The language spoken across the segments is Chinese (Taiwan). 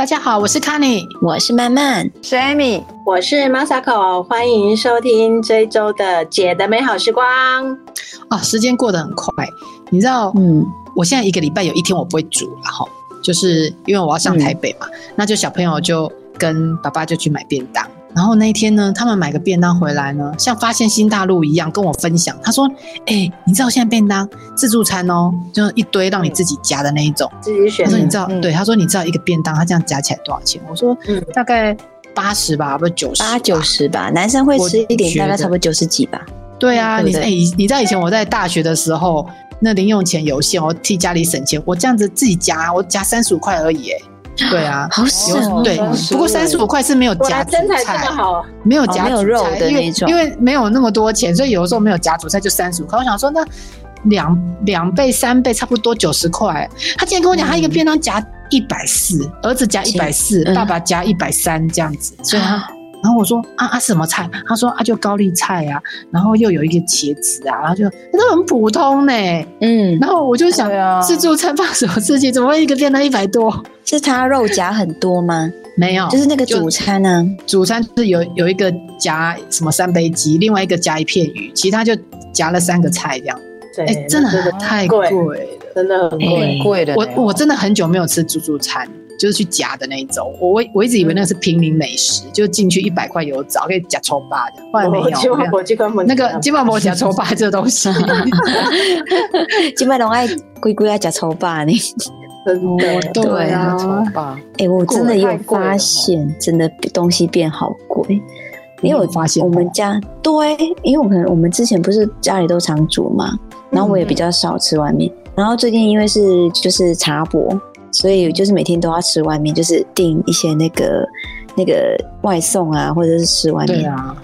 大家好，我是 Canny，我是曼曼，是 Amy，我是 Masako，歡迎收聽這一周的姐的美好時光。啊，時間過得很快，你知道，嗯，嗯，我現在一個禮拜有一天我不會煮啊，然後，就是因為我要上台北嘛，嗯，那就小朋友就跟爸爸就去買便當。然後那一天呢，他們買個便當回來呢，像發現新大陸一樣跟我分享。他說：“哎、欸，你知道現在便當自助餐哦，就是一堆讓你自己夾的那一種，嗯、自己選。他說你知道，嗯、對，他說你知道一個便當他這樣夾起來多少錢？我說，嗯、大概八十吧，不是九十。八九十吧，男生會吃一點，大概差不多九十幾吧。對啊，對對你哎、欸，你知道以前我在大學的時候，那零用錢有限，我替家裡省錢，我這樣子自己夾，我夾三十五塊而已、欸，哎。”對啊，好省哦。有嗎對，不過三十五塊是沒有夾主菜，真的好沒有夾沒有肉的那種，因為，錯因為沒有那麼多錢，所以有的時候沒有夾主菜就三十五塊。我想說那兩，那兩兩倍、三倍差不多九十塊。他竟然跟我講，嗯、他一個便當夾一百四，兒子夾一百四，爸爸夾一百三這樣子，嗯、所以他。啊然後我說啊啊什麼菜？他說啊就高麗菜啊，然後又有一個茄子啊，然後就、欸、那都很普通嘞、欸，嗯，然後我就想自助、哦、餐放什麼事情，怎麼會一個變到一百多？是他肉夾很多嗎？沒有，就是那個主餐啊，主餐是有有一個夾什麼三杯雞，另外一個夾一片魚，其他就夾了三個菜這樣。哎，真的很貴，真、欸、的很貴，我我真的很久沒有吃自助餐。就是去夾的那一種，我我一直以為那是平民美食，嗯、就進去一百塊有找可以夾蔥巴的，從來、哦、沒有。沒有這啊、那個金麥饃夾蔥巴這個東西，金麥龍愛龜龜愛夾蔥巴呢，對、哦、對啊，哎、欸、我真的有發現，過過，真的東西變好貴，因為我發現我們家對，因為我可能我們之前不是家裡都常煮嘛，然後我也比較少吃外面，嗯、然後最近因為是就是茶博。所以就是每天都要吃外面，就是訂一些那個那個外送啊，或者是吃外面。對啊，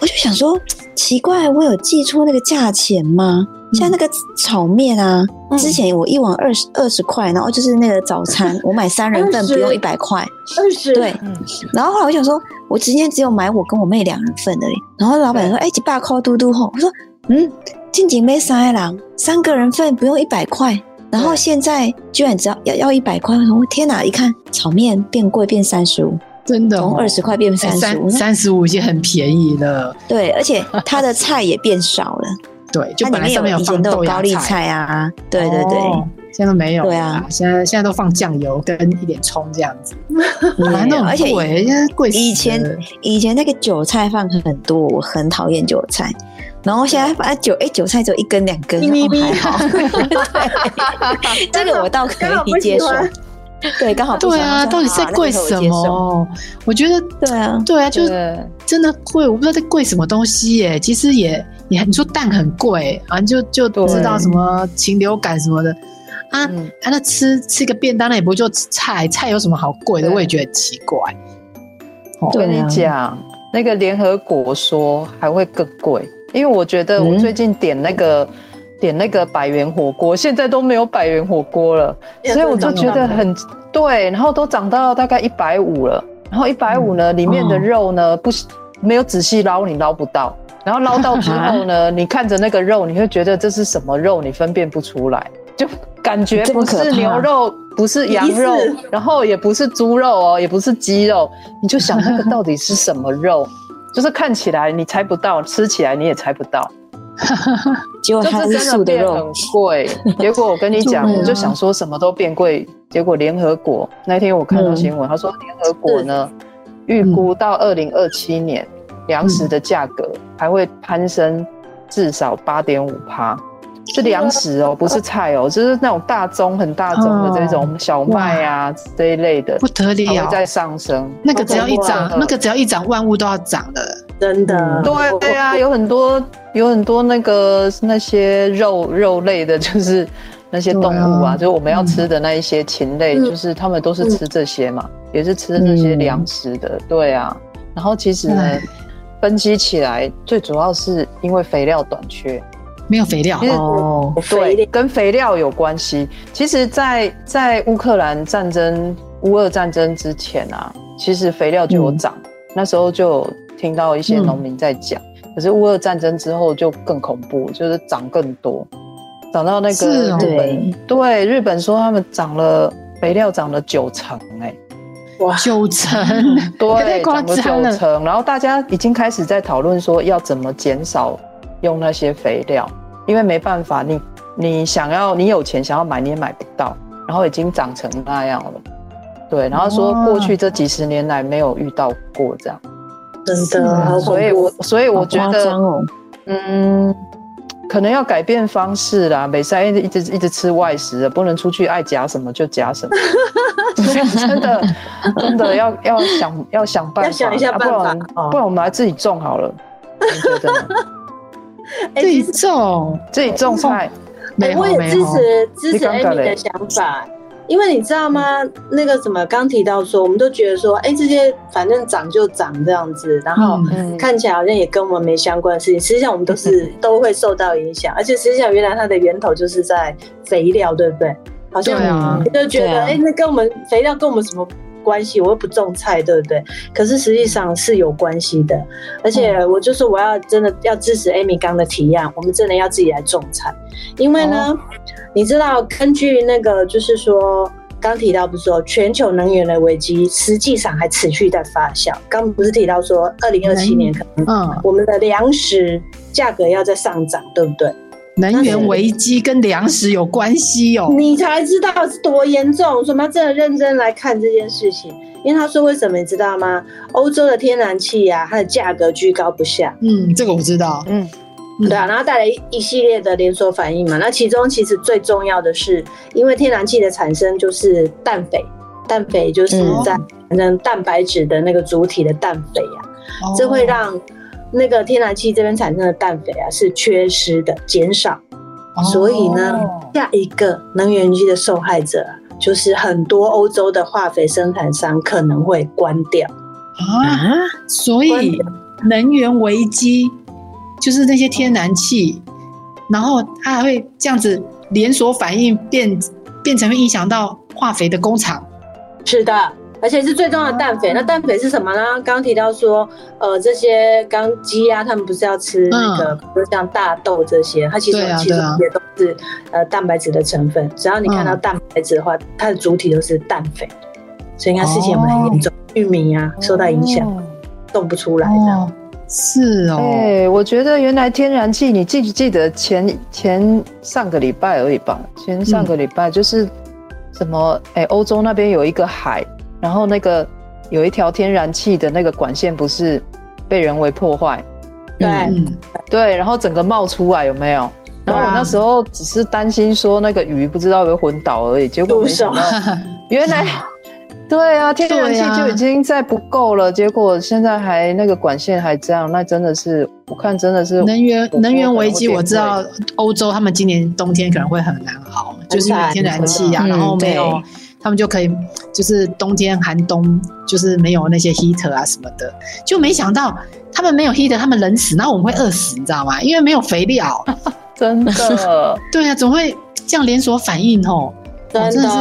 我就想說，奇怪，我有記錯那個價錢嗎？嗯、像那個炒麵啊，之前我一碗二十二十塊，然後就是那個早餐，我買三人份不用一百塊。二十對，嗯、然後後來我想說，我今天只有買我跟我妹兩人份的，然後老板說：“哎對，幾把 call 嘟嘟吼。”我說：“嗯，靜靜妹三個人，三個人份不用一百塊。”然後現在居然，只要要要一百塊，我天哪！一看炒麵變貴，變三十五，真的、哦、從二十塊變三十五，三十五已經很便宜了。對，而且它的菜也變少了。 對，就本來有豆、啊、以前都有高麗菜啊，對對對，哦、現在都沒有。對啊，啊，現在現在都放醬油跟一點蔥這樣子，原 來都很貴，現在貴。以前以前那個韭菜放很多，我很討厭韭菜。然後現在把韭哎韭菜就一根兩根都還好，對，這個我倒可以接受。對，剛好對啊，到底在貴什麼？我覺得對啊，對啊，就真的貴。我不知道在貴什麼東西耶。其實也也，你說蛋很貴啊，就就知道什麼禽流感什麼的啊。那吃吃一個便當，那也不就菜菜有什麼好貴的？我也覺得奇怪。我跟你講，那個聯合國說還會更貴。因為我覺得我最近點那個、嗯、點那個百元火鍋，嗯、現在都沒有百元火鍋了，了所以我就覺得很對。然後都漲到大概一百五了，然後一百五呢，嗯、裡面的肉呢、哦、不沒有仔細撈，你撈不到。然後撈到之後呢，啊、你看着那個肉，你會覺得這是什麼肉？你分辨不出來，就感覺不是牛肉，不是羊肉，然後也不是豬肉哦，也不是雞肉，你就想那個到底是什麼肉？啊嗯就是看起來你猜不到，吃起來你也猜不到。 就，就是真的變很貴。結果我跟你講，就啊、我就想說什麼都變貴。結果聯合國那天我看到新聞，嗯、他說聯合國呢，預、嗯、估到二零二七年糧、嗯、食的價格還會攀升至少八點五趴。是糧食哦、喔，不是菜哦、喔，就是那種大宗、很大宗的這種小麥啊、哦、這一類的，不得了、哦，它在上升。那個只要一漲，那個只要一漲，萬物都要漲的，真的。對、嗯，對啊，有很多，有很多那個那些肉肉類的，就是那些動物啊，啊就是我們要吃的那一些禽類，嗯、就是他們都是吃這些嘛，嗯、也是吃那些糧食的。對啊，然後其實呢，對分析起來，最主要是因為肥料短缺。沒有肥料哦，實 oh, 對，肥力跟肥料有關係。其實在，在在烏克蘭戰爭、烏俄戰爭之前啊，其實肥料就有漲。嗯、那時候就聽到一些農民在講。嗯、可是烏俄戰爭之後就更恐怖，就是漲更多，漲到那個日本、哦、對對，日本說他們漲了肥料漲了九成哎、欸，哇，九成 對漲了九成。然後大家已經開始在討論說要怎麼減少用那些肥料。因為沒辦法，你你想要，你有錢想要買你也買不到，然後已經長成那樣了，對，然後說過去這幾十年來沒有遇到過這樣，哦、真的、啊，嗯、不所以我所以我覺得，哦、嗯，可能要改變方式啦，每次還一直一直吃外食，不能出去，愛夾什麼就夾什麼， 真的真的要要想要想辦法，想辦法、啊，不然、嗯、不然我們來自己種好了，你覺得 自己種，自己種菜。哎，我也支持支持 Amy 的想法，因為你知道嗎？那個什麼剛提到說，我們都覺得說，哎，這些反正漲就漲這樣子，然後看起來好像也跟我們沒相關的事情。實際上我們都是都會受到影響，而且實際上原來它的源頭就是在肥料，對不對？好像就覺得，哎，那跟我們肥料跟我們什麼？關係，我又不種菜，對不對？可是實際上是有關係的，而且我就是我要真的要支持 Amy 剛的提案，我們真的要自己來種菜，因為呢，oh. 你知道根據那個就是說剛提到不是說全球能源的危機實際上還持續在發酵，剛剛不是提到說二零二七年可能我們的糧食價格要再上漲，對不對？能源危機跟糧食有關係哦，你才知道是多嚴重，為什麼要真的認真來看這件事情，因為他說為什麼你知道嗎？歐洲的天然氣呀、啊，它的價格居高不下，嗯，這個我知道，嗯，對啊，然後帶來一,一系列的連鎖反應嘛，那其中其實最重要的是，因為天然氣的產生就是氮肥，氮肥就是在反正蛋白質的那個主體的氮肥呀、啊，嗯、這會讓。那個天然氣這邊產生的氮肥，啊是缺失，的減少，oh. 所以呢，下一個能源危機的受害者、啊、就是很多歐洲的化肥生產商可能會關掉啊，所以能源危機掉就是那些天然氣，oh. 然後它還會這樣子連鎖反應變變成會影響到化肥的工廠，是的。而且是最重要的氮肥。嗯、那氮肥是什麼呢？剛剛提到說，呃，這些剛雞啊，他們不是要吃那個，嗯、比如像大豆這些，它其實、嗯啊啊、其實也都是呃蛋白質的成分。只要你看到蛋白質的話，嗯、它的主體都是氮肥。所以應該事情很嚴重，哦、玉米啊受到影響，哦、動不出來的、哦。是哦、欸。我覺得原來天然氣，你記不記得前前上個禮拜而已吧？前上個禮拜、嗯、就是什麼？哎、欸，歐洲那邊有一個海。然後那個有一條天然氣的那個管線不是被人為破壞，對對，然後整個冒出來有沒有？然後我那時候只是擔心說那個魚不知道會不會昏倒而已，結果沒什麼，原來對啊，天然氣就已經在不夠了，結果現在還那個管線還這樣，那真的是我看真的是能源能源危機。我知道歐洲他們今年冬天可能會很難熬，就是天然氣啊，然後沒有。他們就可以，就是冬天寒冬，就是沒有那些 heater 啊什麼的，就沒想到他們沒有 heater，他們冷死，然後我們會餓死，你知道嗎？因為沒有肥料，啊、真的， 對啊，總會這樣連鎖反應哦的。真的是，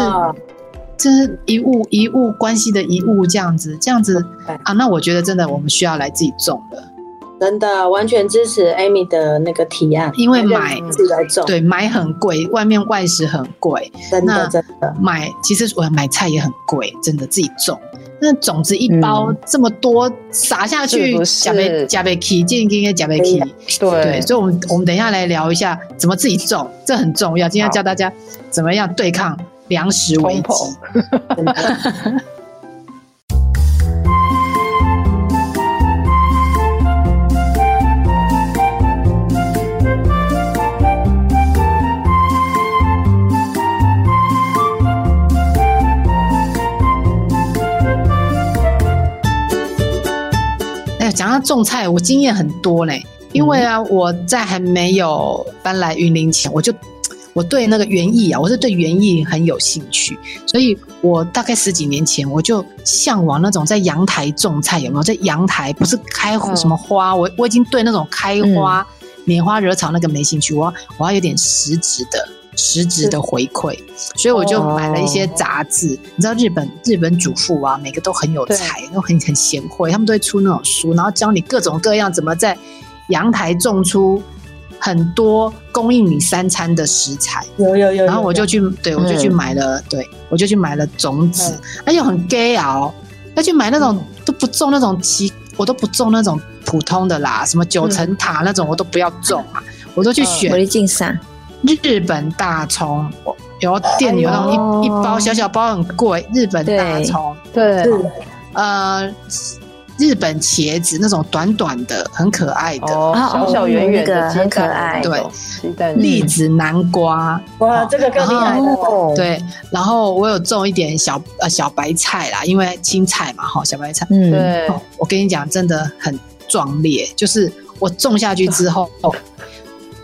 真是一物一物關係的，一物這樣子，這樣子啊。那我覺得真的，我們需要來自己種了。真的完全支持 Amy 的那個提案，因為買自己來種，嗯、對，買很貴，外面外食很貴，真的那真的買其實我買菜也很貴，真的自己種，那種子一包這麼多，嗯、撒下去，呷袂呷袂去，建議應該呷袂去，對，對，所以我們我們等一下來聊一下怎麼自己種，這很重要，好今天要教大家怎麼樣對抗糧食危機。講到種菜，我經驗很多呢。因為啊，我在還沒有搬來雲林前，我就我對那個園藝啊，我是對園藝很有興趣。所以我大概十幾年前，我就向往那種在陽台種菜，有沒有？在陽台不是開什麼花，嗯、我我已經對那種開花、拈花惹草那個沒興趣。嗯、我我要有點實質的。實質的回饋，所以我就買了一些雜誌。你知道日本日本主婦啊，每個都很有才，都很很賢惠，他們都會出那種書，然後教你各種各樣怎麼在陽台種出很多供應你三餐的食材。有有有，然後我就去，對我就去買了，對我就去買了種子，那又很 gay 哦。那去買那種都不種那種奇，我都不種那種普通的啦，什麼九層塔那種我都不要種啊，我都去選。我進山。日本大蔥，有店裡，有那種一一包小小包很貴，日本大蔥。對，呃，日本茄子那種短短的很可愛的，小小圓圓的很可愛，對，栗子南瓜，哇，這個更厲害哦，對，然後我有種一點小呃小白菜啦，因為青菜嘛哈，小白菜，嗯，對，我跟你講真的很壯烈，就是我種下去之後。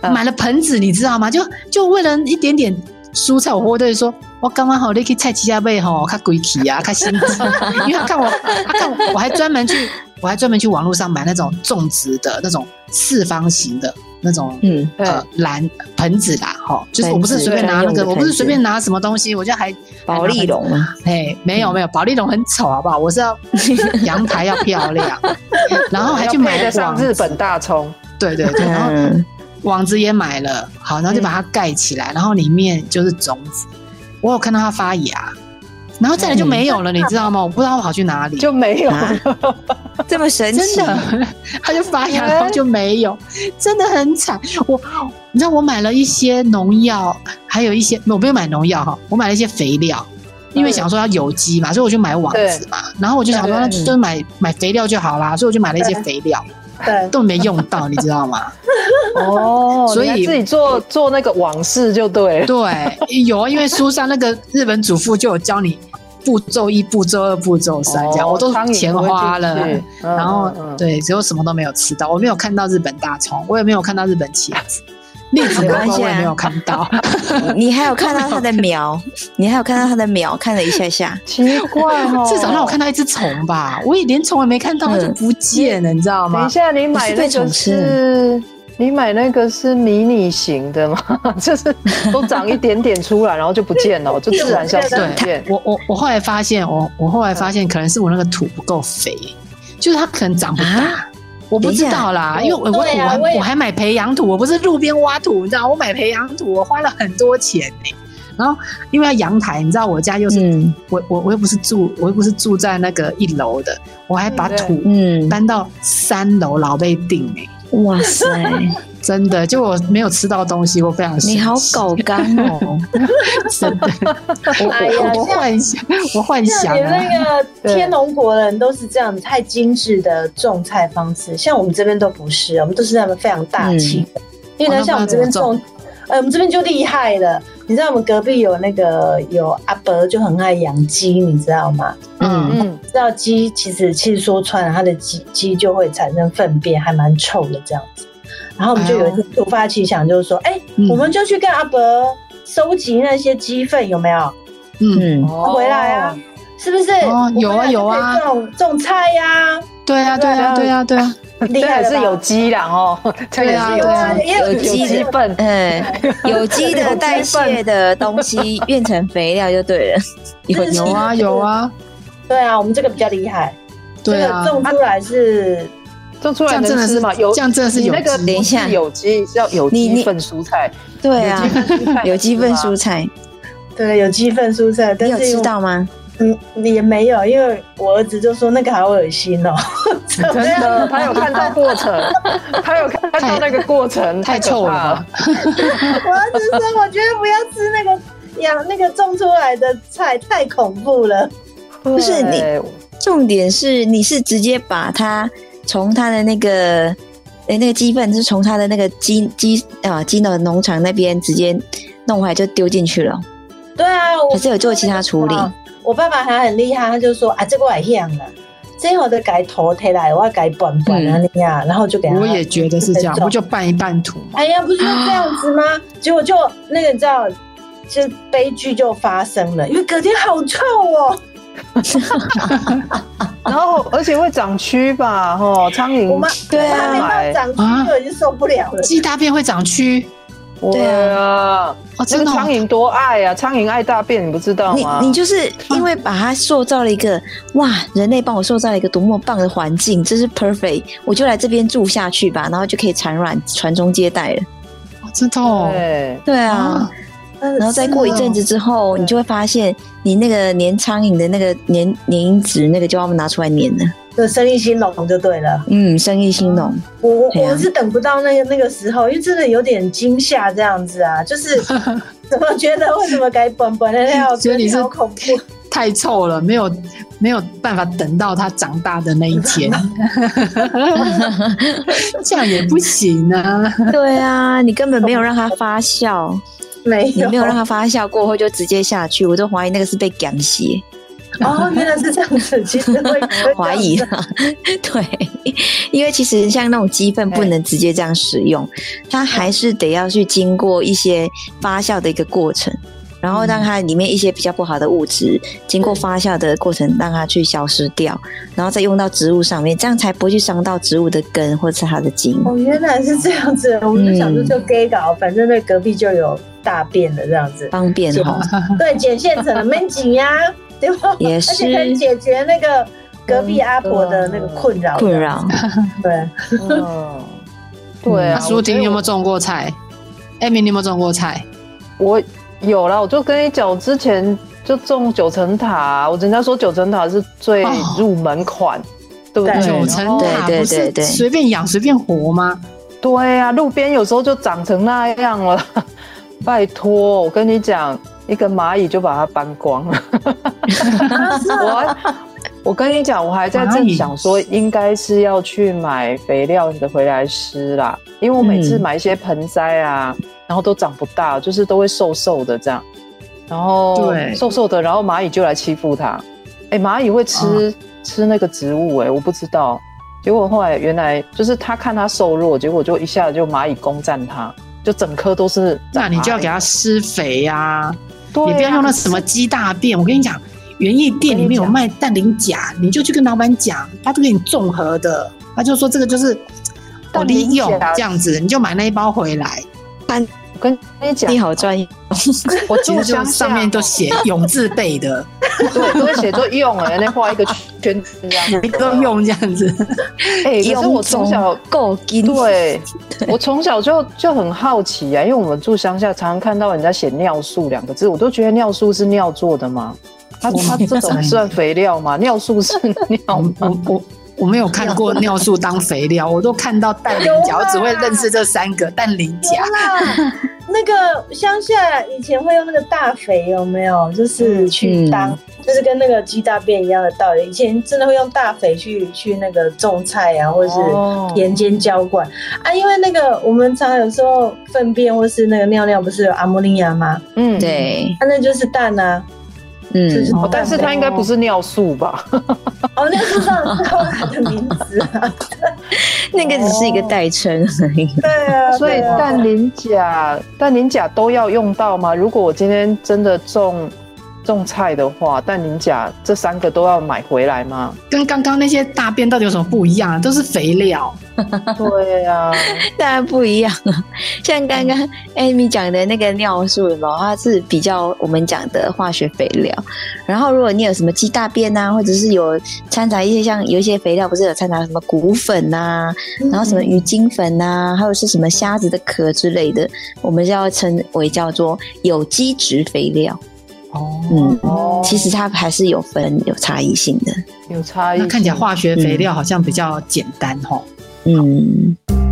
買了盆子，你知道嗎？就就為了一點點蔬菜，我我都說，我剛剛好那去菜齊家背吼，看鬼體呀，看新鮮，因為看我看我，我還專門去，我還專門去網絡上買那種種植的那種四方形的那種，嗯呃藍盆子啦哈，就是我不是隨便拿那個，我不是隨便拿什麼東西，我就還保麗龍，哎，沒有沒有，保麗龍很醜好不好？我是要陽台要漂亮，然後還去買得上日本大蔥，對對對，然後。網子也買了，好，然後就把它蓋起來，然後裡面就是種子。我有看到它發芽，然後再來就沒有了，你知道嗎？我不知道我跑去哪裡就沒有了，這麼神奇，它就發芽，然後就沒有，真的很慘。我，你知道我買了一些農藥，還有一些我不用買農藥哈，我買了一些肥料，因為想說要有機嘛，所以我就買網子嘛，然後我就想說那就買買肥料就好啦，所以我就買了一些肥料。對，都沒用到， 你知道嗎？哦，oh, 所以自己做做那個往事就對了 對，有啊，因為書上那個日本主婦就有教你步驟一步、步驟二步驟、步驟三這樣，我都當錢花了，啊、然後對，最後什麼都沒有吃到，我沒有看到日本大蔥，我也沒有看到日本茄子。栗子我也沒有看到。啊，你還有看到它的苗， 你還有看到它的苗，看了一下下，奇怪哈，哦，至少讓我看到一隻蟲吧，我也連蟲也沒看到，它就不見了，是你知道嗎？等一下你買那個、就是，是是你買那個是迷你型的嗎？就是都長一點點出來，然後就不見了，就自然消失。我我我後來發現，我我後來發現可能是我那個土不夠肥，就是它可能長不大。啊我不知道啦，因為我我我還我還買培養土，我不是路邊挖土，你知道，我買培養土，我花了很多錢、欸、然後因為要陽台，你知道我家又是、嗯、我我我又不是住我又不是住在那個一樓的，我還把土搬到三樓，老被頂哎、欸、嗯、哇塞。 真的，就我沒有吃到東西，我非常喜歡。你好，狗幹哦！ 真的，我、哎、呀我幻想，我幻想，那個天龍國人都是這樣，對太精緻的種菜方式，像我們這邊都不是，我們都是那種非常大氣的。嗯、因為呢，像我們這邊種，哎、呃，我們這邊就厲害了。你知道，我們隔壁有那個有阿伯就很愛養雞，你知道嗎？嗯嗯，知道雞其實其實說穿了，它的雞雞就會產生糞便，還蠻臭的，這樣子。然後我們就有一次突發奇想，就是說，哎，我們就去跟阿伯收集那些雞糞，有沒有？嗯，回來啊，是不是？有啊有啊，種種菜呀？對啊對啊對啊對啊，厲害是有機的哦，對啊有啊，因為有機糞，嗯，有雞的代謝的東西變成肥料就對了，有有啊有啊，對啊，我們這個比較厲害，這個種出來是。種出來的？這樣真的是這樣真的是有機？那個等一下，有機叫有機糞蔬菜，對啊，有機糞蔬菜，對，有機糞蔬菜。但是你有吃到嗎？嗯，也沒有，因為我兒子就說那個好噁心哦，真的，他有看到過程，他有看到那個過程，太臭了。我兒子說，我覺得不要吃那個養那個種出來的菜，太恐怖了。不是你，重點是你是直接把它。從他的那個，哎，那個雞糞是從他的那個雞、雞啊、雞的農場那邊直接弄回來就丟進去了。對啊，我還是有做其他處理。我爸爸還很厲害，他就說啊，這個還香啊，這我都改頭剃了，我要改拌拌啊那樣，嗯、然後就給他。我也覺得是這樣，我就拌一拌土。哎呀，不是這樣子嗎？啊、結果就那個你知道，就悲劇就發生了，因為隔天好臭哦。然後，而且會長蛆吧？哈，蒼蠅，我媽對啊，蒼蠅沒有長蛆就已經受不了了。雞大便會長蛆，對啊，哦，真的。蒼蠅多愛啊，蒼蠅愛大便，你不知道嗎？你就是因為把它塑造了一個哇，人類幫我塑造了一個多麼棒的環境，這是 perfect，我就來這邊住下去吧，然後就可以產卵、傳宗接代了。我知道，對，對啊。然後再過一陣子之後，的你就會發現你那個粘蒼蠅的那個粘粘紙那個就要我們拿出來粘了，就生意興隆就對了。嗯，生意興隆、嗯。我我、啊、我是等不到那個那個時候，因為真的有點驚嚇這樣子啊，就是怎麼覺得為什麼該本本的那樣 覺得你是恐怖太臭了，沒有沒有辦法等到它長大的那一天， 這樣也不行啊。對啊，你根本沒有讓它發酵。你沒有讓它發酵過後就直接下去，我都懷疑那個是被感謝哦，原來是這樣子，其實 我懷疑。 對，因為其實像那種雞糞不能直接這樣使用，嘿它還是得要去經過一些發酵的一個過程。然後讓它裡面一些比較不好的物質，經過發酵的過程，讓它去消失掉，然後再用到植物上面，這樣才不會去傷到植物的根或者它的莖。哦，原來是這樣子，我們就想說就給搞，嗯、反正那隔壁就有大便的這樣子，方便哈，解哦、對，撿現成的，沒 緊呀、啊，對也是，而且可以解決那個隔壁阿婆的那個困擾，困擾。對，對啊。蘇婷對，你有沒有種過菜？艾米，你有沒有種過菜？我。有了，我就跟你講，我之前就種九層塔，我人家說九層塔是最入門款，哦、對不對？九層塔不是隨便養隨便活嗎？對啊，路邊有時候就長成那樣了。 拜托，我跟你講，一個螞蟻就把它搬光了。 我我跟你講，我還在正想說，應該是要去買肥料的回來施啦，因為我每次買一些盆栽啊。嗯然後都長不大，就是都會瘦瘦的這樣，然後對瘦瘦的，然後螞蟻就來欺負它。哎，螞蟻會吃、哦、吃那個植物哎、欸，我不知道。結果後來原來就是他看他瘦弱，結果就一下子就螞蟻攻占它，就整棵都是。那你就要給它施肥呀、啊，啊、你不要用那什麼雞大便。我跟你講，園藝店裡面有賣氮磷鉀，你，你就去跟老闆講，他就給你綜合的，他就說這個就是我利用這樣子，你就買那一包回來。但班我跟你講、啊，你好專業、喔。我記得上面都寫“永”字輩的， 對都寫作、欸“用”哎，那畫一個圈用這樣子，一個、欸“用”這樣子。哎，因為我從小夠金。對，我從小就就很好奇啊。因為我們住鄉下，常常看到人家寫“尿素”兩個字，我都覺得尿素是尿做的嗎？它它這種算肥料嗎？尿素是尿嗎？嗯我沒有看過尿素當肥料， 我都看到氮磷鉀，啦我只會認識這三個氮磷鉀。有啦，那個鄉下以前會用那個大肥，有沒有？就是去當，嗯、就是跟那個雞大便一樣的道理。以前真的會用大肥去去那個種菜啊，或者是田間澆灌、哦、啊，因為那個我們常，常有時候糞便或是那個尿尿不是有阿摩尼亞嗎？嗯，對，那、啊、那就是氮啊。嗯，是，但是它應該不是尿素吧？哦，尿素上是它的名字啊， 那個只是一個代稱而已、 啊。對啊，所以氮磷鉀，氮磷鉀都要用到嗎？如果我今天真的種。種菜的話，氮磷鉀這三個都要買回來嗎？跟剛剛那些大便到底有什麼不一樣？都是肥料。 對啊， 當然不一樣。像剛剛艾米講的那個尿素有沒有，它是比較我們講的化學肥料。然後如果你有什麼雞大便吶、啊，或者是有摻雜一些像有一些肥料，不是有摻雜什麼骨粉吶、啊，嗯、然後什麼魚精粉吶、啊，還有是什麼蝦子的殼之類的，我們就要稱為叫做有機質肥料。哦，嗯，其實它還是有分有差異性的，有差異性。那看起來化學肥料好像比較簡單哦，嗯。嗯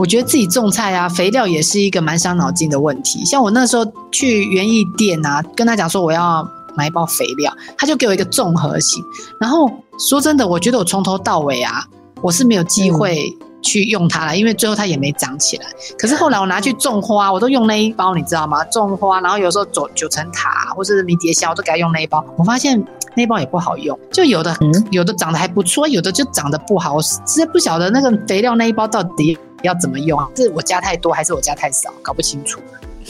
我覺得自己種菜啊，肥料也是一個蠻傷腦筋的問題。像我那時候去園藝店啊，跟他講說我要買一包肥料，他就給我一個綜合型。然後說真的，我覺得我從頭到尾啊，我是沒有機會去用它了，嗯、因為最後它也沒長起來。可是後來我拿去種花，嗯、我都用那一包，你知道嗎？種花，然後有時候走九層塔或者是迷迭香，我都給他用那一包。我發現那一包也不好用，就有的有的長得還不錯，有的就長得不好。我實在不曉得那個肥料那一包到底。要怎麼用？是我加太多還是我加太少？搞不清楚。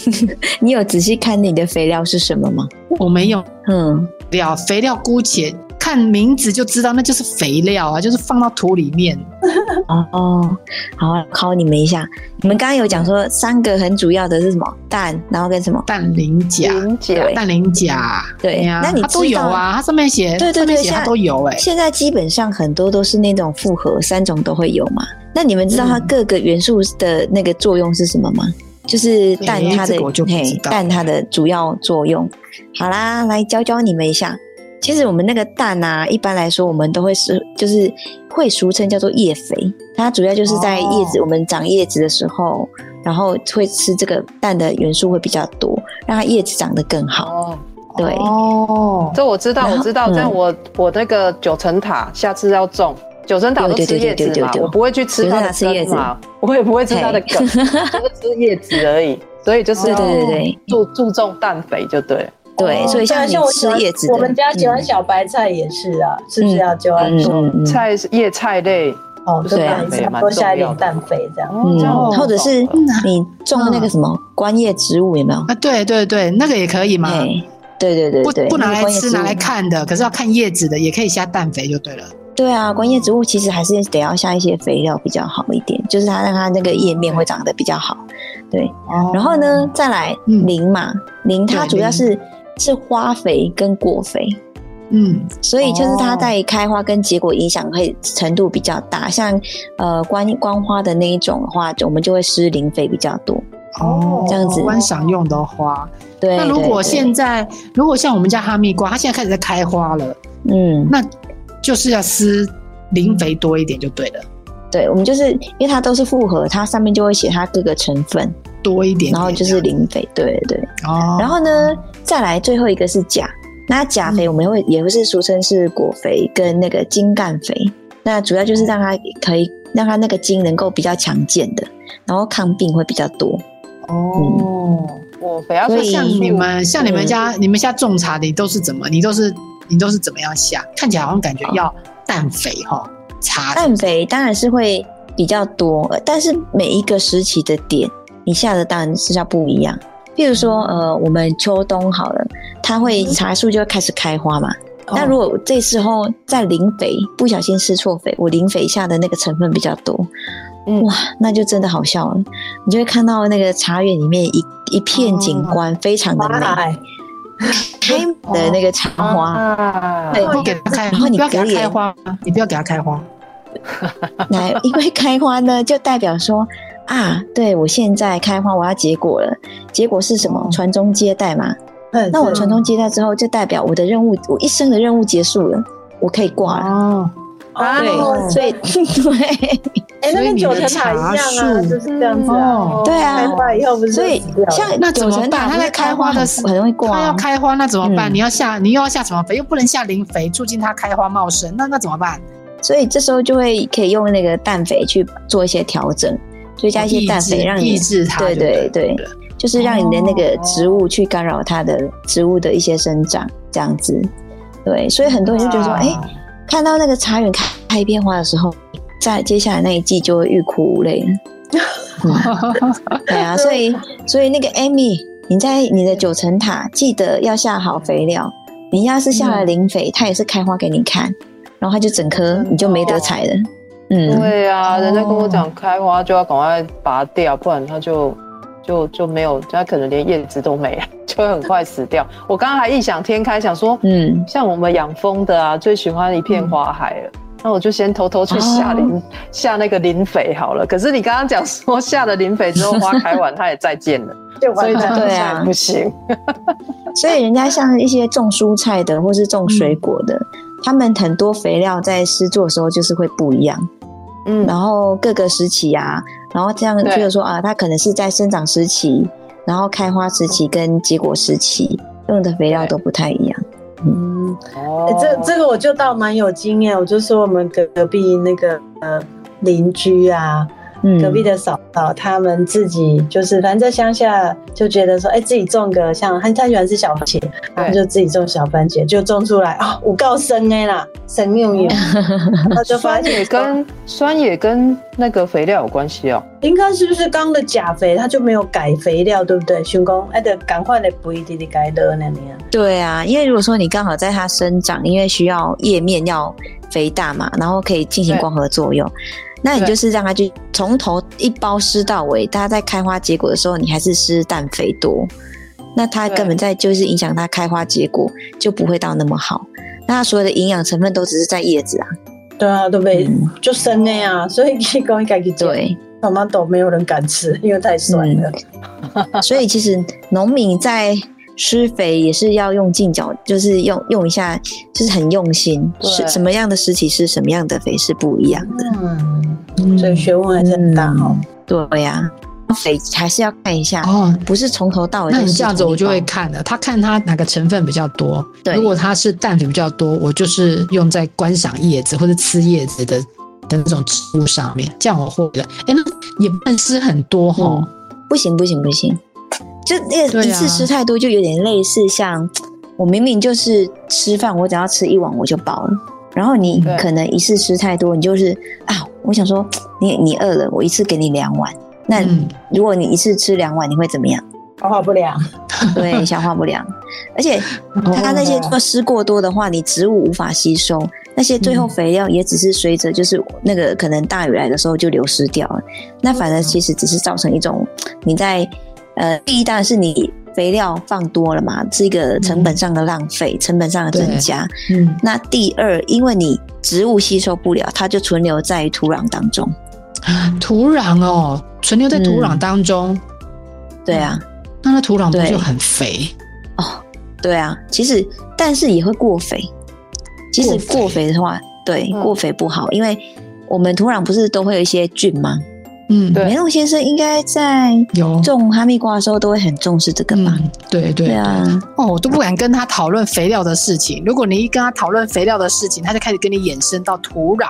你有仔細看你的肥料是什麼嗎？我沒有。嗯，料肥料姑且看名字就知道，那就是肥料啊，就是放到土裡面。 哦，哦，好，考你們一下，嗯、你們剛剛有講說三個很主要的是什麼？氮，然後跟什麼？氮磷鉀。鉀氮磷鉀。對呀，對對，那你它都有啊，它上面寫對，對對對，它都有哎、欸。現在基本上很多都是那種複合，三種都會有嘛。那你們知道它各個元素的那個作用是什麼嗎？嗯、就是氮它的氮它的主要作用。好啦，來教教你們一下。其實我們那個氮啊，一般來說我們都會是就是會俗稱叫做葉肥，它主要就是在葉子、哦、我們長葉子的時候，然後會吃這個氮的元素會比較多，讓它葉子長得更好。哦、對，哦，這我知道，我知道後。這我、嗯、我那個九層塔下次要種。九層塔我都吃的葉子嘛，我不會去吃它的根嘛，我也不會吃它的梗，就是吃葉子而已。所以就是對對對，注注重氮肥就對。對，所以像像我吃葉子，我們家喜歡小白菜也是啊，是不是要就按種菜葉菜類？哦，對，沒錯，多下一點氮肥這樣。嗯，或者是你種那個什麼觀葉植物有沒有？啊，對對對，那個也可以嗎？對對對，不不拿來吃，拿來看的，可是要看葉子的，也可以下氮肥就對了。對啊，觀葉植物其實還是得要下一些肥料比較好一點，就是它讓它那個葉面會長得比較好。對，哦、然後呢，再來磷、嗯、嘛，磷它主要是對是花肥跟果肥，嗯，所以就是它在開花跟結果影響會程度比較大。像呃觀光花的那一種的話，我們就會施磷肥比較多哦。這樣子觀賞用的花，對。那如果現在，如果像我們家哈密瓜，它現在開始在開花了，嗯，那。就是要施磷肥多一點就對了。對，我們就是因為它都是複合，它上面就會寫它各個成分多一點，點，然後就是磷肥，對對。哦、然後呢，再來最後一個是鉀，那鉀肥我們會、嗯、也不是俗稱是果肥跟那個莖乾肥，那主要就是讓它可以、嗯、讓它那個莖能夠比較強健的，然後抗病會比較多。哦，嗯、我不要說像你們所以像你們家、嗯、你們家種茶的你都是怎麼？你都是？你都是怎麼樣下？看起來好像感覺要氮肥哈，茶氮、哦、肥當然是會比較多，呃，但是每一個時期的點你下的氮是要不一樣。譬如說呃，我們秋冬好了，它會茶樹就會開始開花嘛。那、嗯、如果這時候在磷肥，不小心施錯肥，我磷肥下的那個成分比較多，哇，那就真的好笑了。你就會看到那個茶園裡面一一片景觀、哦、非常的美。開的那個茶花，然後你,你不要給他開花，你不要給他開花， 來，因為開花呢，就代表說啊，對我現在開花，我要結果了，結果是什麼？嗯、傳宗接代嘛。嗯、那我傳宗接代之後，就代表我的任務，我一生的任務結束了，我可以掛了。嗯對，所以對，哎，那跟九層塔一樣啊，就是這樣子哦。對啊，開花以後不是，所以像那九層塔，它在開花的時候很容易過它要開花，那怎麼辦？你要下，你又要下什麼肥？又不能下磷肥，促進它開花茂盛。那那怎麼辦？所以這時候就會可以用那個氮肥去做一些調整，所以加一些氮肥，讓抑制它。對對對，就是讓你的那個植物去干擾它的植物的一些生長，這樣子。對，所以很多人就覺得說，哎。看到那個茶園開開一片花的時候，在接下來那一季就會欲哭無淚。 對啊，所以所以那個艾米，你在你的九層塔記得要下好肥料。你要是下了磷肥，它、嗯、也是開花給你看，然後它就整棵、嗯、你就沒得採了。嗯，對啊，人家跟我講開花就要趕快拔掉，不然它就。就就沒有，它可能連葉子都沒了，就會很快死掉。我剛剛還異想天開想說，嗯，像我們養蜂的啊，最喜歡的一片花海了。嗯、那我就先偷偷去下磷，哦、下那個磷肥好了。可是你剛剛講說，下了磷肥之後，花開完它也再見了， 所以這樣不行、啊。所以人家像一些種蔬菜的或是種水果的，嗯、他們很多肥料在施作的時候就是會不一樣。嗯，然後各個時期啊，然後這樣就是說對啊，它可能是在生長時期，然後開花時期跟結果時期用的肥料都不太一樣。對嗯，Oh. 欸、這這個我就倒蠻有經驗，我就說我們隔壁那個、呃、鄰居啊。隔壁的嫂嫂，嗯、他們自己就是，反正在鄉下就覺得說，哎、欸，自己種個像他，他喜歡吃小番茄，就自己種小番茄，就種出來啊，五、喔、告生哎啦，生又圓。那 酸也跟酸也跟那個肥料有關係哦，喔。應該是不是剛的鉀肥，他就沒有改肥料，對不對？熊工，哎，得趕快的補一點點鈣的那樣。對啊，因為如果說你剛好在它生長，因為需要葉面要肥大嘛，然後可以進行光合作用。那你就是讓他去從頭一包施到尾，他在開花結果的時候，你還是施氮肥多，那它根本在就是影響它開花結果就不會到那麼好。那它所有的營養成分都只是在葉子啊。對啊，都被就、嗯、生那啊，所以你講應該去對。好像都沒有人敢吃，因為太酸了、嗯。所以其實農民在施肥也是要用勁腳，就是用用一下，就是很用心。是對什麼樣的實體是什麼樣的肥是不一樣的。嗯。所以學問還是很大哦。對呀，肥還是要看一下哦，不是從頭到尾。那你這樣子我就會看了，他看他哪個成分比較多。對，如果他是氮肥比較多，我就是用在觀賞葉子或者吃葉子的的那種植物上面，這樣我會得。哎、欸，那也不能吃很多哈、哦嗯？不行不行不行，就那個一次吃太多就有點類似像、啊、我明明就是吃飯，我只要吃一碗我就飽了，然後你可能一次吃太多，你就是對啊。我想說，你你餓了，我一次給你兩碗。那如果你一次吃兩碗，你會怎麼樣？消、嗯、化不良，對，消化不良。 而且它那些如果施過多的話，你植物無法吸收，那些最後肥料也只是隨着就是那個可能大雨來的時候就流失掉了。嗯、那反而其實只是造成一種你在呃，第一當然是你。肥料放多了嘛，是一個成本上的浪費，嗯、成本上的增加。嗯，那第二，因為你植物吸收不了，它就存留在土壤當中。土壤哦，哦存留在土壤當中，嗯、對啊，嗯、那那土壤不就很肥哦？對啊，其實但是也會過肥。其實過肥的話，對過肥、嗯、過肥不好，因為我們土壤不是都會有一些菌嗎？嗯，梅隆對先生應該在有種哈密瓜的時候都會很重視這個吧？嗯、對對，對啊！哦，我都不敢跟他討論肥料的事情。如果你一跟他討論肥料的事情，他就開始跟你衍生到土壤。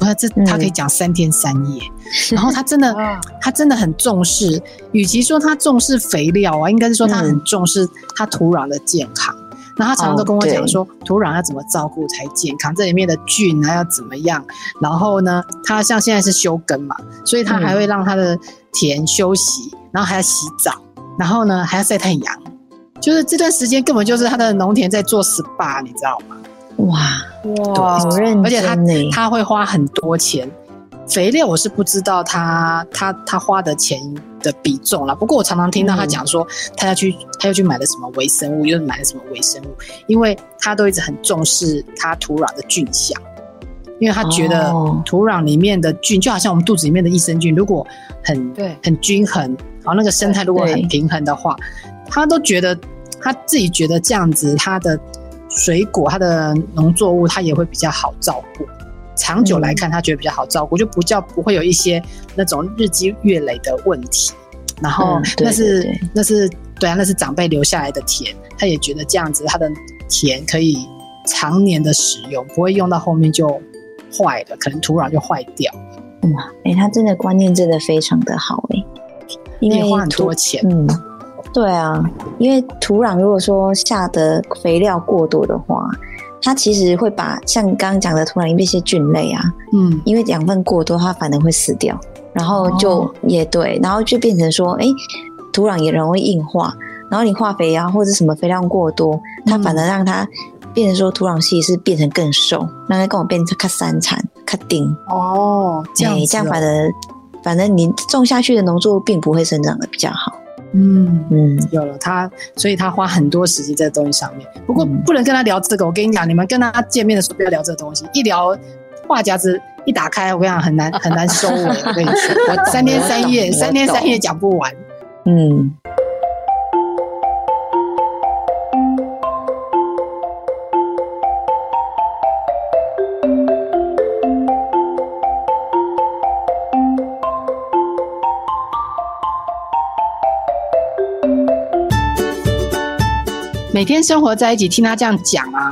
我這他可以講三天三夜，嗯、然後他真的， 他真的很重視。與其說他重視肥料啊，應該是說他很重視他土壤的健康。那他常常都跟我講說，oh, 對土壤要怎麼照顧才健康？這裡面的菌啊要怎麼樣？然後呢，他像現在是休耕嘛，所以他還會讓他的田休息，然後還要洗澡，然後呢還要曬太陽，就是這段時間根本就是他的農田在做 SPA，你知道嗎？哇哇，對哇而且他他會花很多錢。肥料我是不知道他他他花的錢的比重啦，不過我常常聽到他講說，他、嗯、要去他要去買了什麼微生物，又買了什麼微生物，因為他都一直很重視他土壤的菌相，因為他覺得土壤裡面的菌，哦、就好像我們肚子裡面的益生菌，如果很對很均衡，然後那個生態如果很平衡的話，他對對都覺得他自己覺得這樣子，他的水果、他的農作物，他也會比較好照顧。長久來看，他覺得比較好照顧，嗯、就比較不會有一些那種日積月累的問題。然後那是、嗯、對對對，那是對啊，那是長輩留下來的田，他也覺得這樣子，他的田可以常年的使用，不會用到後面就壞了，可能土壤就壞掉了。哇、嗯，哎、欸，他真的觀念真的非常的好。哎、欸，因為花很多錢。嗯，對啊，因為土壤如果說下的肥料過多的話。它其實會把像剛剛講的土壤裡面一些菌類啊，嗯，因為養分過多，它反而會死掉，然後就也對，哦、然後就變成說，哎，土壤也容易硬化，然後你化肥啊或者什麼肥料過多，它反而讓它變成說土壤系是變成更瘦，嗯、讓它跟我變成看三產看丁。哦，這樣、哦、這樣反而反正你種下去的農作物並不會生長的比較好。嗯嗯，有了他，所以他花很多時間在東西上面。不過不能跟他聊這個，嗯、我跟你講，你們跟他見面的時候不要聊這個東西，一聊話匣子一打開，我跟你講很難很難收尾。 我跟你說我三天三夜，三天三夜講不完。嗯。嗯每天生活在一起，聽他這樣講啊，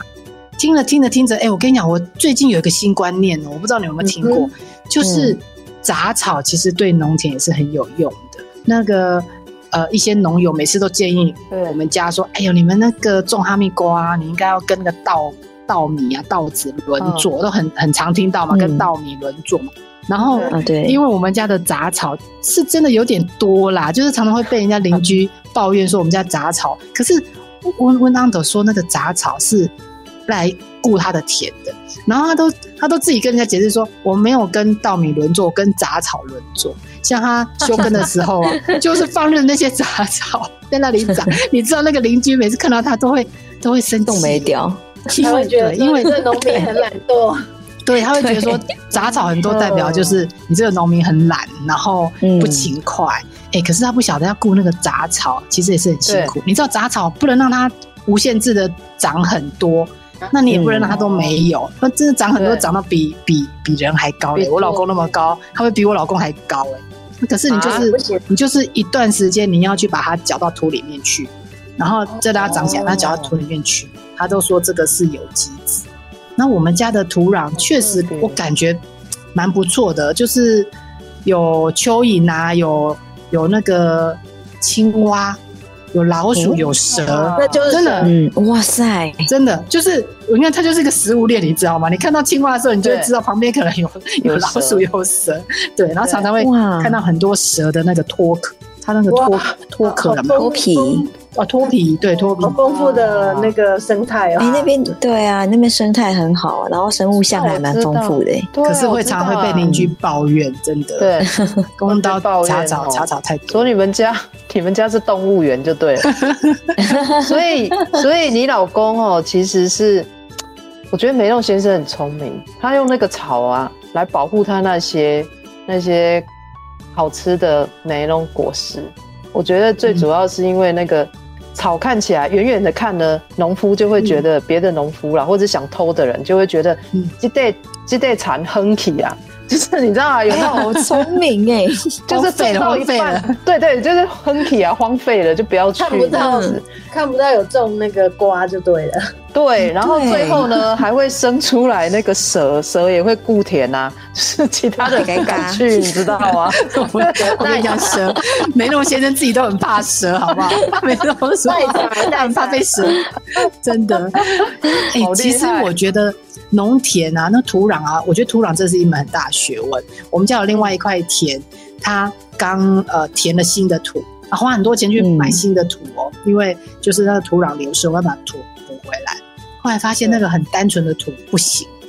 聽着聽着聽着，哎、欸，我跟你講，我最近有一個新觀念哦，我不知道你有沒有聽過，嗯、就是雜草其實對農田也是很有用的。嗯、那個呃，一些農友每次都建議我們家說：“對哎呦，你們那個種哈密瓜，你應該要跟那個稻稻米啊、稻子輪作，哦、都很很常聽到嘛，嗯、跟稻米輪作嘛。”然後對，因為我們家的雜草是真的有點多啦，就是常常會被人家鄰居抱怨說我們家雜草，可是。溫溫安德說：“那個雜草是來顧他的田的，然後他都他都自己跟人家解釋說，我沒有跟稻米輪作，跟雜草輪作。像他休耕的時候啊， 就是放任那些雜草在那裡長。 你知道那個鄰居每次看到他都會都會生動沒掉， 因為 因為這個農民很懶惰。” 對，他會覺得說，雜草很多，代表就是你這個農民很懶，然後不勤快。嗯欸、可是他不曉得要顧那個雜草，其實也是很辛苦。對你知道雜草不能讓它無限制的長很多，那你也不能讓它都沒有。那、嗯、真的長很多長得，長到對比比比人還高嘞！我老公那麼高，他會比我老公還高哎。可是你就是、啊、你就是一段時間，你要去把它攪到土裡面去，然後再讓它長起來，哦、讓它攪到土裡面去。他都說這個是有機質。那我們家的土壤確實，我感覺蠻不錯的，Okay. 就是有蚯蚓啊，有有那個青蛙，有老鼠，oh, 有蛇，那就是真的，嗯、哇塞，真的就是你看，因為它就是一個食物鏈，你知道嗎？你看到青蛙的時候，你就會知道旁邊可能有對有老鼠，有蛇， 對，對對然後常常會看到很多蛇的那個脫殼，它那個脫脫哇殼的脫皮。哦，脫皮對脫皮，好豐、哦皮哦，富的那個生態，啊、哦。你對那邊對啊，那邊生態很好，啊。然後生物相還蠻豐富的，是啊，可是會常會被鄰居抱怨，嗯、真的。對，公道抱怨，雜草雜草太多，哦。說你們家，你們家是動物園就對了。 所以，所以你老公哦，其實是，我覺得梅隆先生很聰明，他用那個草啊來保護他那些那些好吃的梅隆果實。我覺得最主要是因為那個。嗯草看起來，遠遠的看呢，農夫就會覺得別的農夫啦，嗯、或者是想偷的人就會覺得，嗯、這袋這袋蠶哼起啊。就是你知道啊，有那種聰明哎，就是荒廢了，對對，就是荒體啊，荒廢了就不要去，看不到，看不到有種那個瓜就對了，對，然後最後呢還會生出來那個蛇，蛇也會固田吶，是其他的給趕去，你知道啊？我跟你講，蛇梅隆先生自己都很怕蛇，好不好？梅隆先生很怕被蛇，真的，哎，其實我覺得。農田啊，那土壤啊，我覺得土壤真是一門很大的學問。我們家有另外一塊田，他剛呃填了新的土，花很多錢去買新的土哦，嗯、因為就是那個土壤流失，我要把土補回來。後來發現那個很單純的土不行，對，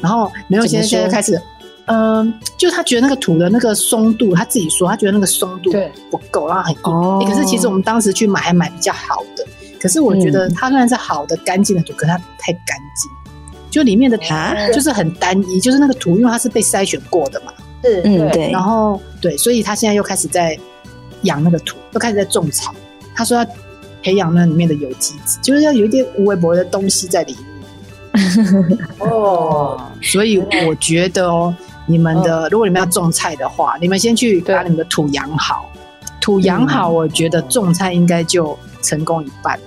然後沒有，怎麼說？現在開始，嗯、呃，就他覺得那個土的那個鬆度，他自己說他覺得那個鬆度不夠對不夠，然後很硬，可是其實我們當時去買還買比較好的，可是我覺得它雖然是好的乾淨的土，可是它太乾淨。就裡面的啊，就是很單一，就是那個土，因為它是被篩選過的嘛。是，對嗯，對。然後，對，所以他現在又開始在養那個土，又開始在種草。他說要培養那裡面的有機質，就是要有一點無微博的東西在裡面。 哦，所以我覺得哦，你們的，哦、如果你們要種菜的話，你們先去把你們的土養好。對土養好，嗯、我覺得種菜應該就成功一半。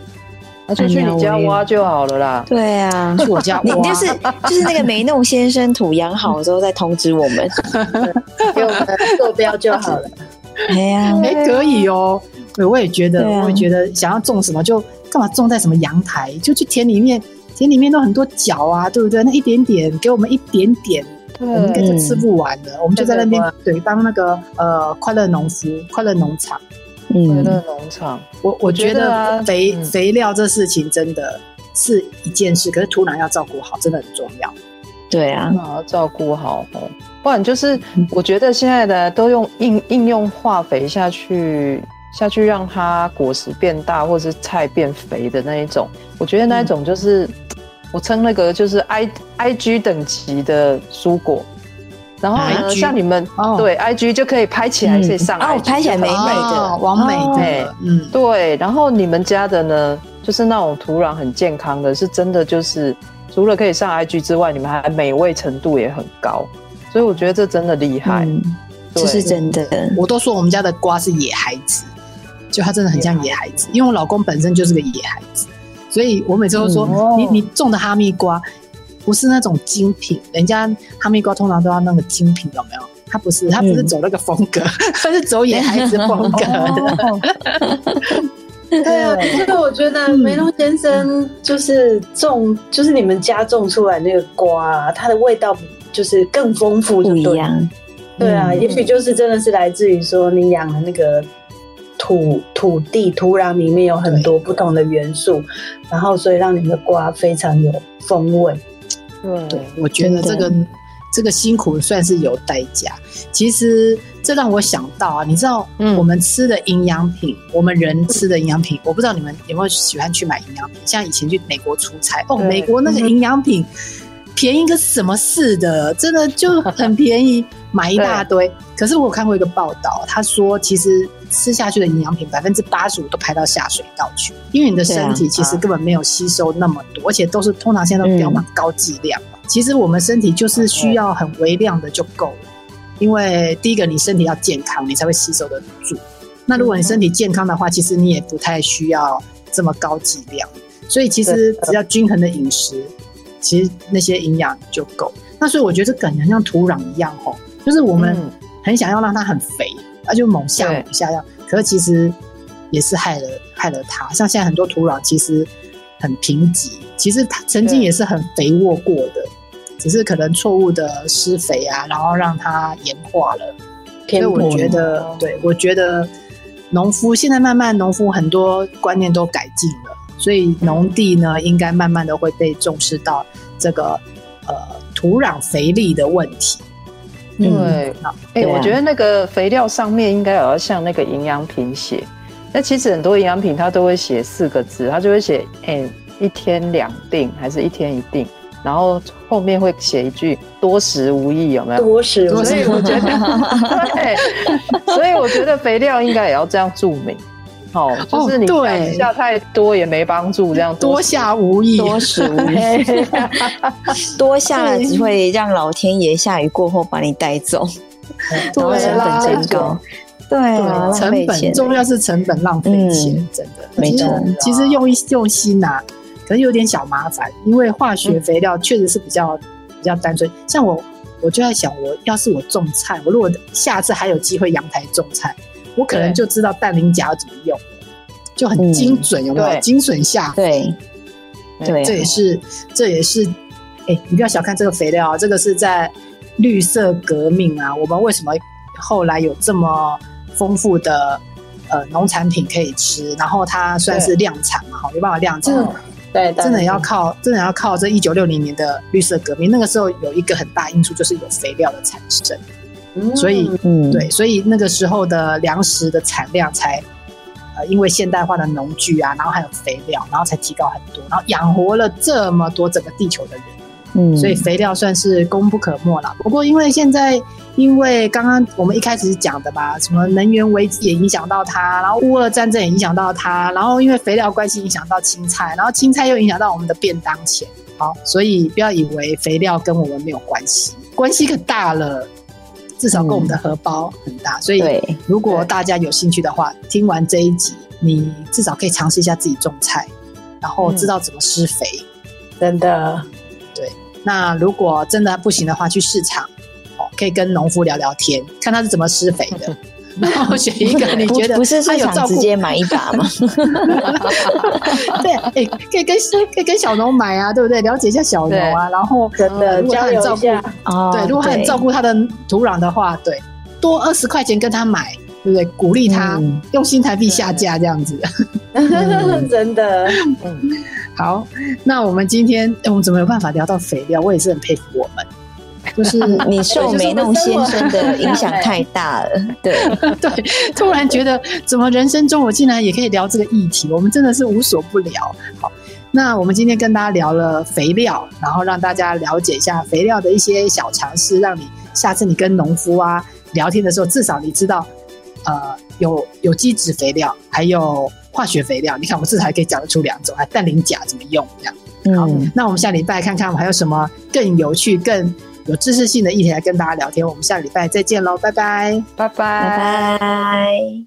就去你家挖就好了啦。對啊，去我家挖。你就是就是那個梅農先生土養好之後，再通知我們，給我們的坐標就好了。哎呀，哎，可以哦。對，我也覺得，我也覺得，想要種什麼就幹嘛種在什麼陽台，就去田裡面，田裡面都很多角啊，對不對？那一點點給我們一點點，我們根本吃不完的。我們就在那邊對，當那個呃快樂農夫，快樂農場。快樂農場，我我覺得、啊、我肥肥料這事情真的是一件事，嗯、可是土壤要照顧好真的很重要。對啊，土壤要照顧好哦，不然就是我覺得現在的都用應應用化肥下去下去讓它果實變大或者是菜變肥的那一種，我覺得那一種就是、嗯、我稱那個就是 I I G 等級的蔬果。然後呢，像你們對 I G 就可以拍起來，可以上哦，拍起來美美的，完美。的。嗯，對。然後你們家的呢，就是那種土壤很健康的，是真的就是除了可以上 I G 之外，你們還美味程度也很高，所以我覺得這真的厲害，這是真的。我都說我們家的瓜是野孩子，就它真的很像野孩子，因為我老公本身就是個野孩子，所以我每次都說你你種的哈密瓜。不是那種精品，人家哈密瓜通常都要那個精品，有沒有？他不是，他不是走那個風格，他、嗯、是走野孩子風格 對啊，這個我覺得梅東先生就是種，嗯、就是你們家種出來那個瓜，它的味道就是更豐富你，不一樣。對啊，嗯、也許就是真的是來自於說你養的那個土土地土壤裡面有很多不同的元素，對然後所以讓你的瓜非常有風味。對，對我覺得這個的這個辛苦算是有代價。其實這讓我想到啊，你知道，我們吃的營養品，嗯、我們人吃的營養品，嗯、我不知道你們有沒有喜歡去買營養品。像以前去美國出差，哦，對美國那個營養品、嗯、哼便宜個什麼似的，真的就很便宜， 買一大堆。對可是我看過一個報道，他說其實。吃下去的營養品百分之八十五都排到下水道去，因為你的身體其實根本沒有吸收那麼多，而且都是通常現在都標滿高劑量、嗯、其實我們身體就是需要很微量的就夠了，因為第一個你身體要健康，你才會吸收得住。那如果你身體健康的話，嗯、其實你也不太需要這麼高劑量。所以其實只要均衡的飲食，嗯、其實那些營養就夠。那所以我覺得這梗很像土壤一樣，哦，就是我們很想要讓它很肥。他就猛下猛下藥，對可是其實也是害了害了他。像現在很多土壤其實很貧瘠，其實他曾經也是很肥沃過的，對只是可能錯誤的施肥啊，然後讓它鹽化了。坡所以我覺得，哦、對，我覺得農夫現在慢慢農夫很多觀念都改進了，所以農地呢，嗯、應該慢慢的會被重視到這個呃土壤肥力的問題。對，好，哎，我覺得那個肥料上面應該也要像那個營養品寫，那其實很多營養品它都會寫四個字，它就會寫，哎、欸，一天兩定還是一天一定，然後後面會寫一句多食無益，有沒有？多食無益，所以我覺得，所以我覺得肥料應該也要這樣注明。哦，oh, 就是你對下太多也沒幫助，這樣多下無益，多數多， 多下了只會讓老天爺下雨過後把你帶走，多啦後成本成功對啊啦，對啦成本重要是成本浪費錢，嗯、真的，沒錯其實其實用一用心拿，可是有點小麻煩，因為化學肥料確實是比較、嗯、比較單純。像我，我就在想，我要是我種菜，我如果下次還有機會陽台種菜。我可能就知道氮磷鉀要怎麼用，對就很精準，嗯、有沒有對精準下？對，對、嗯，這也是，啊、這也是，哎、欸，你不要小看這個肥料啊，這個是在綠色革命啊，我們為什麼後來有這麼豐富的呃農產品可以吃？然後它算是量產嘛，對好，沒辦法量產，這個哦、對，真的要靠，是真的要靠這一九六零年的綠色革命，那個時候有一個很大因素就是有肥料的產生。嗯、所以，對，所以那個時候的糧食的產量才，呃，因為現代化的農具啊，然後還有肥料，然後才提高很多，然後養活了這麼多整個地球的人。嗯，所以肥料算是功不可沒了。不過，因為現在，因為剛剛我們一開始講的吧，什麼能源危機也影響到它，然後烏俄戰爭也影響到它，然後因為肥料關係影響到青菜，然後青菜又影響到我們的便當錢。好，所以不要以為肥料跟我們沒有關係，關係可大了。至少跟我們的荷包、嗯、很大，所以如果大家有興趣的話，聽完這一集，你至少可以嘗試一下自己種菜，然後知道怎麼施肥。嗯、真的，對。那如果真的不行的話，去市場哦，可以跟農夫聊聊天，看他是怎麼施肥的。Okay. 那我選一個，你覺得他有照，不是說想直接買一把嗎？ 對，哎、欸，可以跟可以跟小農買啊，對不對？了解一下小農啊，對然後的、嗯、如果他很照顧，哦、對，如果他很照顧他的土壤的話，對，對多二十塊錢跟他買，對不對？鼓勵他用新台幣下架這樣子，對 真的。嗯， 好，那我們今天、欸、我們怎麼有辦法聊到肥料？我也是很佩服我們。就是你受梅弄先生的影響太大了，對 對，突然覺得怎麼人生中我竟然也可以聊這個議題，我們真的是無所不聊。好，那我們今天跟大家聊了肥料，然後讓大家了解一下肥料的一些小常識，讓你下次你跟農夫啊聊天的時候，至少你知道呃有有機質肥料，還有化學肥料。你看我們至少還可以講得出兩種，還氮磷鉀怎麼用這樣。好，那我們下禮拜看看我們還有什麼更有趣、更有知識性的議題來跟大家聊天，我們下禮拜再見嘍，拜拜，拜拜 bye，拜拜。